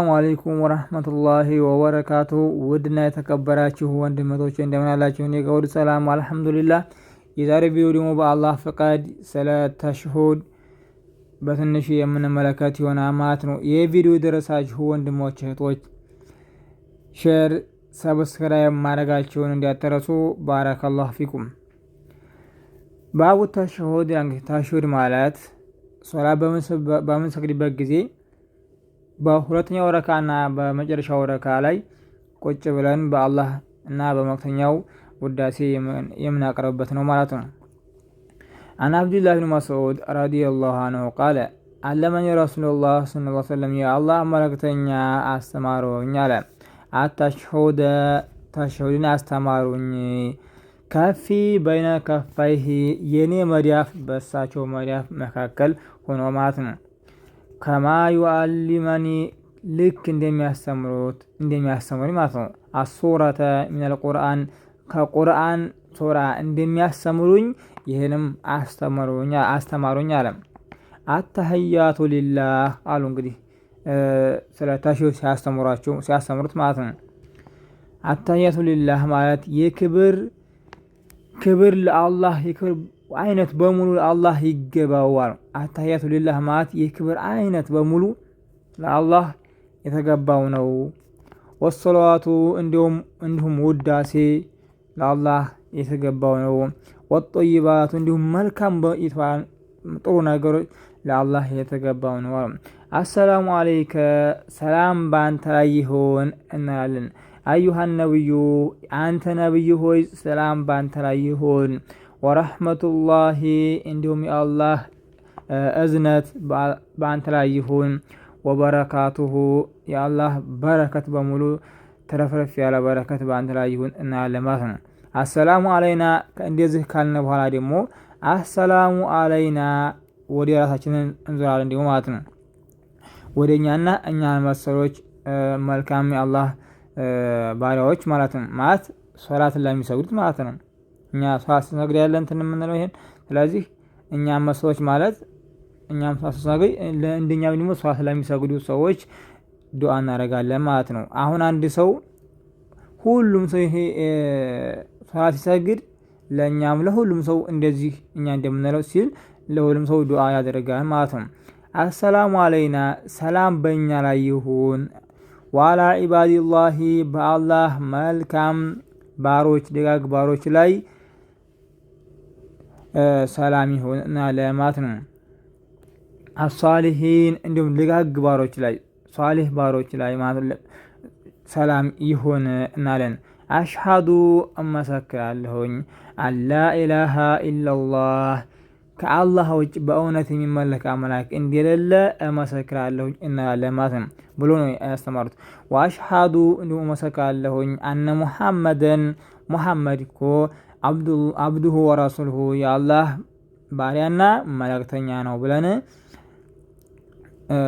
ሰላሙ አለይኩም ወረህመቱላሂ ወበረካቱ ውድና የተከበራችሁ ወንድመቶች እንደምን አላችሁ? እኔ ከውድ ሰላም አልሐምዱሊላህ። የዛሬ ቪዲዮ ደግሞ በአላህ ፈቃድ ስለ ተሽሁድ በትንሹ የምንመለከት የሆነ ማለት ነው። ይህ ቪዲዮ የደረሳችሁ ወንድሞች እህቶች፣ ሼር ሰብስክራይብ ማድረጋችሁን እንዲያተረሱ ባረከላሁ ፊኩም። ባቡ ተሽሁድ ተሽሁድ ማለት ሶላት በምንሰግድበት ጊዜ ወረካ እና በመጨረሻ ወረካ ላይ ቁጭ ብለን በአላህ እና በመክተኛው ውዳሴ የምናቀርብበት ነው ማለት ነው። አን አብዱላህ ብን መስዑድ ረዲየላሁ አንሁ ቃለ አለመኝ ረሱሉላህ ሰለላሁ ሰለም የአላህ መልእክተኛ አስተማሩኝ አለ። አታሽሁደ ተሽሁድን አስተማሩኝ። ከፊ በይነ ከፋይህ የኔ መዳፍ በእሳቸው መዳፍ መካከል ሆኖ ማለት ነው። ከማዩአሊመኒ ልክ እንደሚያስተምሩት እንደሚያስተምሩኝ ማለት ነው። አሱረተ ሚነል ቁርአን ከቁርአን ሱራ እንደሚያስተምሩኝ ይህንም አስተምሩኝ አስተማሩኝ አለ። አተህያቱ ሊላህ አሉ እንግዲህ ስለ ተሽው ሲያስተምሯቸው ሲያስተምሩት ማለት ነው። አተህያቱ ሊላህ ማለት የክብር ክብር ለአላህ የክብር አይነት በሙሉ ለአላህ ይገባዋል። አታያቱ ሊላህ ማለት የክብር አይነት በሙሉ ለአላህ የተገባው ነው። ወሰለዋቱ እንዲሁም ውዳሴ ለአላህ የተገባው ነው። ወጦይባቱ እንዲሁም መልካም ጥሩ ነገሮች ለአላህ የተገባው ነው። አሰላሙ አለይከ ሰላም በአንተ ላይ ይሆን እንላለን። አዩሃ ነብዩ አንተ ነብይ ሆይ ሰላም በአንተ ላይ ይሆን። ወረሕመቱላሂ እንዲሁም የአላህ እዝነት በአንተ ላይ ይሁን። ወበረካቱሁ የአላህ በረከት በሙሉ ተረፍረፍ ያለ በረከት በአንተ ላይ ይሁን እናያለን ማለት ነው። አሰላሙ አለይና እንደዚህ ካልነ በኋላ ደግሞ አሰላሙ አለይና ወደ ራሳችንን እንዞራለን እንዲሁ ማለት ነው። ወደ እኛና እኛን መሰሎች መልካም የአላህ ባሪያዎች ማለት ነው። ማለት ሶላትን ለሚሰግዱት ማለት ነው። እኛ ሶላት ስንሰግድ ያለን እንትን የምንለው ይሄን። ስለዚህ እኛን መሰሎች ማለት እኛም ሰላት ስናገኝ ደግሞ ሰላት ለሚሰግዱ ሰዎች ዱዓ እናደርጋለን ማለት ነው። አሁን አንድ ሰው ሁሉም ሰው ይሄ ሰላት ሲሰግድ ለእኛም ለሁሉም ሰው እንደዚህ እኛ እንደምንለው ሲል ለሁሉም ሰው ዱዓ ያደርጋል ማለት ነው። አሰላሙ አለይና ሰላም በእኛ ላይ ይሁን። ዋላ ኢባዲላሂ በአላህ መልካም ባሮች ደጋግ ባሮች ላይ ሰላም ይሁን እና ለማት ነው። አሷሊሂን እንዲሁም ልጋግ ባሮች ላይ ሷሊህ ባሮች ላይ ማለት ሰላም ይሁን እናለን። አሽሃዱ እመሰክራለሁኝ አላ ኢላሃ ኢላላህ ከአላህ ውጭ በእውነት የሚመለክ አምላክ እንደሌለ እመሰክራለሁኝ እናለን ማለት ነው ብሎ ነው ያስተማሩት። ወአሽሃዱ እንዲሁም እመሰክራለሁኝ አነ ሙሐመደን ሙሐመድ እኮ አብዱሁ ወረሱልሁ የአላህ ባሪያና መልእክተኛ ነው ብለን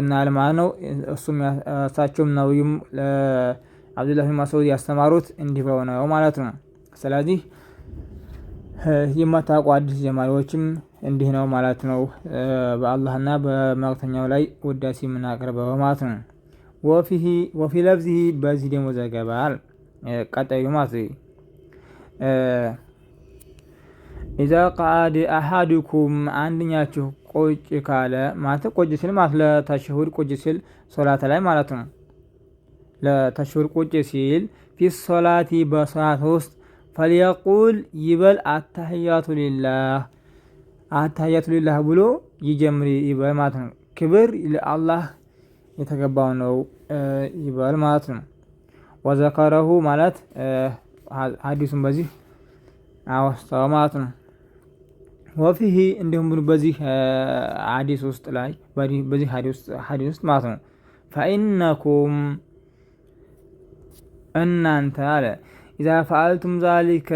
እናል ማለት ነው። እሱም እሳቸውም ነብዩም ለአብዱላህ ብን መስዑድ ያስተማሩት እንዲህ ብለው ነው ማለት ነው። ስለዚህ የማታውቁ አዲስ ጀማሪዎችም እንዲህ ነው ማለት ነው። በአላህና በመልእክተኛው ላይ ውዳሴ የምናቀርበው ማለት ነው። ወፊ ለብዚሂ በዚህ ደግሞ ዘገባል ቀጣዩ ማለት ነው። ኢዛ ቃአድ አሃድኩም አንድኛችሁ ቁጭ ካለ ማለት ቁጭ ሲል ማለት ለተሽሁድ ቁጭ ሲል ሶላት ላይ ማለት ነው። ለተሽሁድ ቁጭ ሲል ፊ ሶላቲ በሶላት ውስጥ ፈልየቁል ይበል አታህያቱ ሊላህ አታህያቱ ሊላህ ብሎ ይጀምር ይበል ማለት ነው። ክብር ለአላህ የተገባው ነው ይበል ማለት ነው። ወዘከረሁ ማለት ሀዲሱን በዚህ አወስተው ማለት ነው። ወፊሂ እንዲሁም በዚህ ሀዲስ ውስጥ ላይ በዚህ ሀዲስ ውስጥ ማለት ነው ፈኢነኩም እናንተ አለ ኢዛ ፈአልቱም ዛሊከ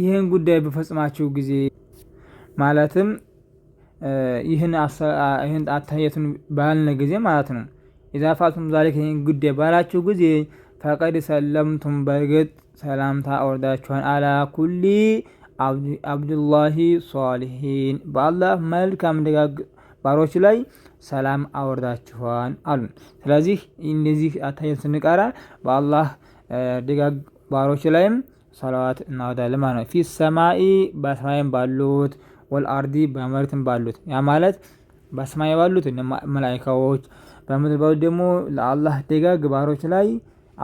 ይህን ጉዳይ በፈጽማችሁ ጊዜ ማለትም ይህን አተህየቱን ባልነ ጊዜ ማለት ነው። ኢዛ ፈአልቱም ዛሊከ ይህን ጉዳይ ባላችሁ ጊዜ ፈቀድ ሰለምቱም በእርግጥ ሰላምታ አወርዳችኋን አላ ኩሊ አብዱላሂ ሷሊሂን በአላህ መልካም ደጋግ ባሮች ላይ ሰላም አወርዳችኋን አሉ። ስለዚህ እንደዚህ አታየን ስንቀራ በአላህ ደጋግ ባሮች ላይም ሰላዋት እናወዳለን ማለት ነው። ፊ ሰማኢ በሰማይም ባሉት ወልአርዲ በመሬትም ባሉት ያ ማለት በሰማይ ባሉት መላይካዎች በምድር ባሉት ደግሞ ለአላህ ደጋግ ባሮች ላይ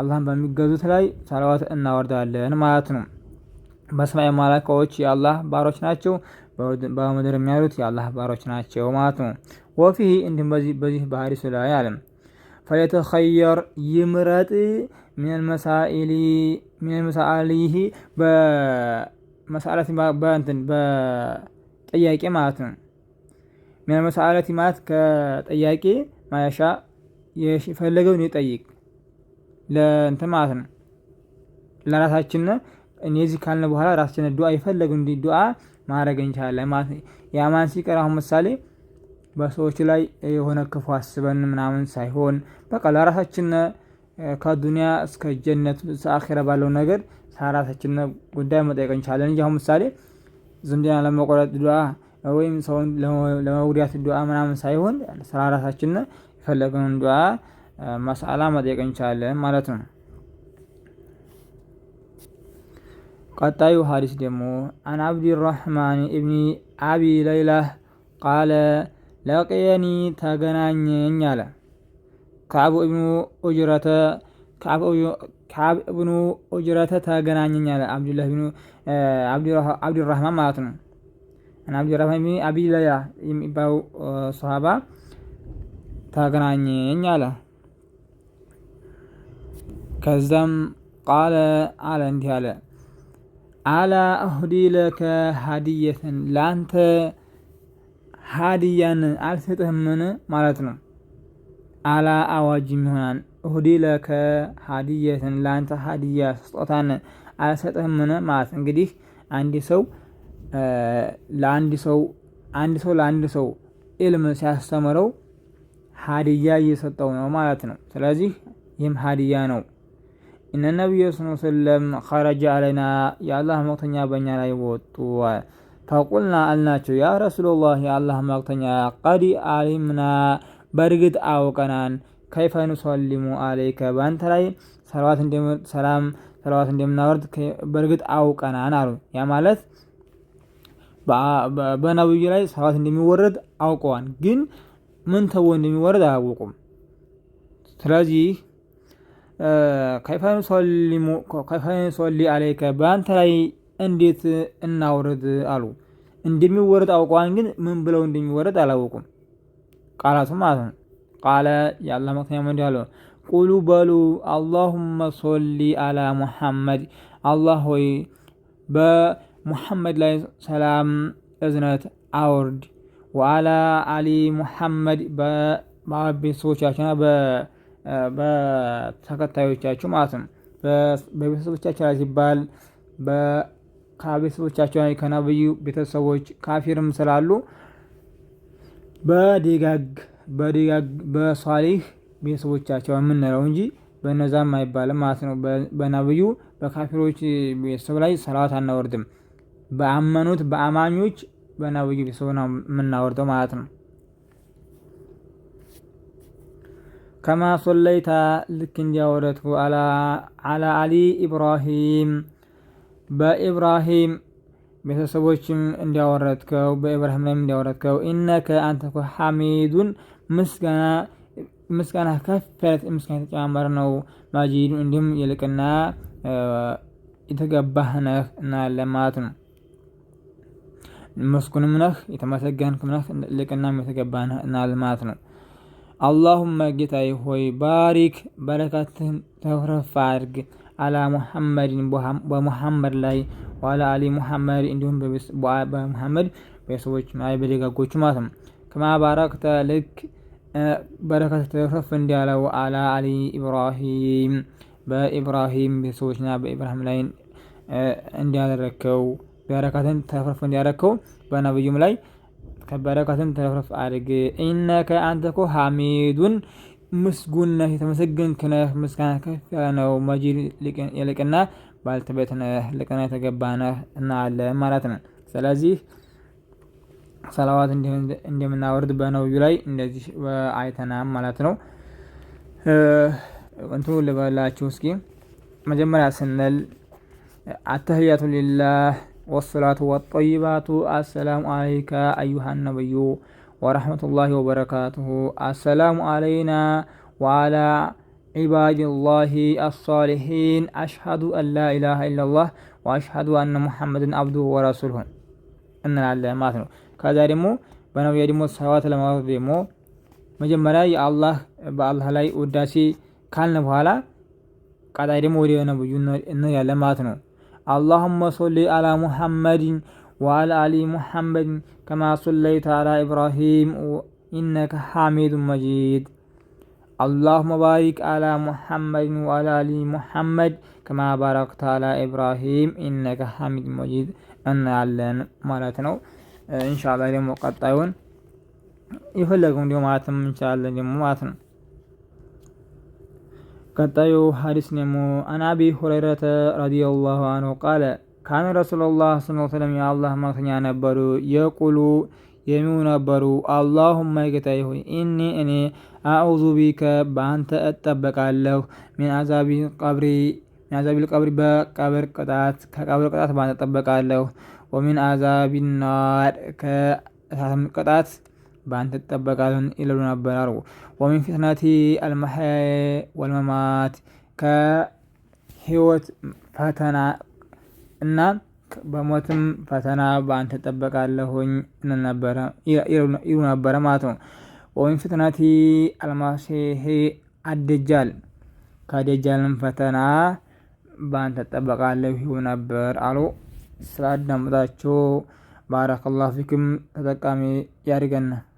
አላህን በሚገዙት ላይ ሰላዋት እናወርዳለን ማለት ነው። በሰማይ መላእክቶች የአላህ ባሮች ናቸው፣ በምድር የሚያሉት የአላህ ባሮች ናቸው ማለት ነው። ወፊህ እንዲሁም በዚህ በሐዲሱ ላይ አለ ፈየተኸየር ይምረጥ ሚንልመሳአሊህ በመሳለት በእንትን በጥያቄ ማለት ነው። ሚንልመሳአለት ማለት ከጥያቄ ማያሻ የፈለገውን ይጠይቅ ለእንትን ማለት ነው ለራሳችን እነዚህ ካልነ በኋላ ራሳችንን ዱዓ የፈለግን ዱዓ ማድረግ እንችላለን ማለት ነው። ያማን ሲቀር አሁን ምሳሌ በሰዎች ላይ የሆነ ክፉ አስበን ምናምን ሳይሆን በቃ ለራሳችን ከዱንያ እስከ ጀነት አኺራ ባለው ነገር ራሳችን ጉዳይ መጠየቅ እንችላለን እንጂ አሁን ምሳሌ ዝምድና ለመቆረጥ ዱዓ ወይም ሰውን ለመጉዳት ዱዓ ምናምን ሳይሆን ስራ ራሳችን የፈለግነውን ዱዓ መስአላ መጠየቅ እንችላለን ማለት ነው። ቀጣዩ ሀዲስ ደግሞ አን አብዲራህማን እብኒ አቢ ለይላህ ቃለ ለቅየኒ ተገናኘኝ አለ። ከአቡ እብኑ ኡጅረተ ከአብ እብኑ ኡጅረተ ተገናኘኝ አለ። አብዱላህ ብኑ አብዲራህማን ማለት ነው። አን አብዲራህማን ብኒ አቢ ለይላህ የሚባሉ ሰሃባ ተገናኘኝ አለ። ከዛም ቃለ አለ እንዲህ አለ አላ አሁዲ ለከ ሀዲየትን ለአንተ ሀዲያን አልሰጥህምን ማለት ነው። አላ አዋጅም ይሆናል። እሁዲ ለከ ሀዲየትን ለአንተ ሀዲያ ስጦታን አልሰጥህምን ማለት እንግዲህ አንድ ሰው ለአንድ ሰው አንድ ሰው ለአንድ ሰው ኢልም ሲያስተምረው ሀዲያ እየሰጠው ነው ማለት ነው። ስለዚህ ይህም ሀዲያ ነው። እነ ነቢዩ ስ ስለም ኸረጀ አለና የአላህ መልክተኛ በእኛ ላይ ወጡ። ፈቁልና አልናቸው ያ ረሱሉላህ የአላህ መቅተኛ ቀድ አሊምና በእርግጥ አውቀናን ከይፈ ኑሰሊሙ አለይከ በአንተ ላይ ሰላም ሰላዋት እንደምናወርድ በእርግጥ አውቀናን አሉ። ያ ማለት በነብዩ ላይ ሰላዋት እንደሚወረድ አውቀዋን፣ ግን ምን ተብሎ እንደሚወረድ አላወቁም። ስለዚህ ከይፈንሶሊ አለይከ በአንተ ላይ እንዴት እናውርድ አሉ። እንደሚወረድ አውቀዋን ግን ምን ብለው እንደሚወረድ አላወቁም። ቃላቱ ማለት ነው። ቃለ የአላ መክተኛ እንዲህ አለ፣ ቁሉ በሉ አላሁመ ሶሊ አላ ሙሐመድ፣ አላህ ሆይ በሙሐመድ ላይ ሰላም እዝነት አውርድ። ወአላ አሊ ሙሐመድ በቤተሰቦቻቸውና በተከታዮቻችሁ ማለት ነው። በቤተሰቦቻቸው ላይ ሲባል ከቤተሰቦቻቸው ላይ ከነብዩ ቤተሰቦች ካፊርም ስላሉ በደጋግ በደጋግ በሷሊህ ቤተሰቦቻቸው የምንለው እንጂ በነዛም አይባልም ማለት ነው። በነብዩ በካፊሮች ቤተሰብ ላይ ሰላዋት አናወርድም። በአመኑት በአማኞች በነብዩ ቤተሰብ ነው የምናወርደው ማለት ነው። ከማ ሶለይታ ልክ እንዲያወረቱ አላ አሊ ኢብራሂም በኢብራሂም ቤተሰቦችም እንዲያወረትከው በኢብራሂም ላይም እንዲያወረትከው ኢነከ አንተ ሐሚዱን ምስጋና ምስጋና ከፍ ያለት ምስጋና የተጨማመረ ነው። ማጂዱ እንዲሁም ይልቅና የተገባህ ነህ እና ለማለት ነው። መስኩንም ነህ የተመሰገንክም ነህ ይልቅና የተገባህ ነህ እና ለማለት ነው። አላሁመ ጌታዬ ሆይ ባሪክ በረካትህን ተፍረፍ አድርግ አላ ሙሐመድን በሙሐመድ ላይ ዋላ አሊ ሙሐመድ እንዲሁም በሙሐመድ ቤተሰቦች ላይ በደጋጎቹ ማለት ነው። ከማ ልክ በረከት ተረፍ እንዲያለው አላ አሊ ኢብራሂም በኢብራሂም ቤተሰቦችና በኢብራሂም ላይ እንዲያደረከው በረከትን ተረፍ እንዲያደረከው በነብዩም ላይ ከበረከትን ተረፍረፍ አድርግ። ኢነከ አንተ እኮ ሐሚዱን ምስጉን ነህ፣ የተመሰገንክ ነህ፣ ምስጋና ከፍ ያለ ነው። መጂድ የልቅና ባልተቤት ነህ፣ ልቅና የተገባ ነህ እና አለ ማለት ነው። ስለዚህ ሰላዋት እንደምናወርድ በነብዩ ላይ እንደዚህ አይተናም ማለት ነው። እንትኑ ልበላችሁ እስኪ መጀመሪያ ስንል አተህያቱ ሊላህ ወሰላቱ ወጠይባቱ አሰላሙ አለይከ አዩሃ ነብዩ ወረሕመቱላሂ ወበረካቱሁ። አሰላሙ አለይና ወአላ ዒባዲላሂ አሳሊሒን አሽሃዱ አን ላ ኢላሃ ኢለላህ ወአሽሃዱ አነ ሙሐመድን አብዱሁ ወረሱሉሁ እንላለን ማለት ነው። ከዛ ደግሞ በነቢያ ደግሞ ሰዋት ለማውረድ ደግሞ መጀመሪያ የአላህ በአላህ ላይ ውዳሴ ካልን በኋላ ቀጣይ ደግሞ ወደ ነብዩ እንላለን ማለት ነው። اللهم صل على محمد وعلى آل محمد كما صليت على إبراهيم إنك حميد مجيد اللهم بارك على محمد وعلى آل محمد كما باركت على إبراهيم إنك حميد مجيد እናያለን ማለት ነው። ኢንሻአላህ ደግሞ ቀጣዩን የፈለገውን እንዲሁ ማለትም እንችላለን ደግሞ ማለት ነው። ቀጣዩ ሀዲስ ደግሞ አን አቢ ሁረይረተ ረዲየላሁ አንሁ ቃለ ካነ ረሱሉላህ ስለ ሰለም የአላህ መልክተኛ ነበሩ የቁሉ የሚው ነበሩ አላሁማ ጌታዬ ሆይ ኢኒ እኔ አዑዙ ቢከ በአንተ እጠበቃለሁ ሚን አዛቢ ቀብሪ ሚን አዛቢ ልቀብሪ በቀብር ቅጣት ከቀብር ቅጣት በአንተ እጠበቃለሁ ወሚን አዛቢ ናር ከእሳትም ቅጣት በአንተ ትጠበቃለህ ይሉ ነበር አሉ። ወሚን ፊትነቲ አልመሐያ ወልመማት ከህይወት ፈተና እና በሞትም ፈተና በአንተ እጠበቃለሁኝ ይሉ ነበረ ማለት ነው። ወሚን ፊትነቲ አልማሲህ አደጃል ከደጃልም ፈተና በአንተ እጠበቃለሁ ይሉ ነበር አሉ። ስላዳመጣችሁ ባረከላሁ ፊኩም ተጠቃሚ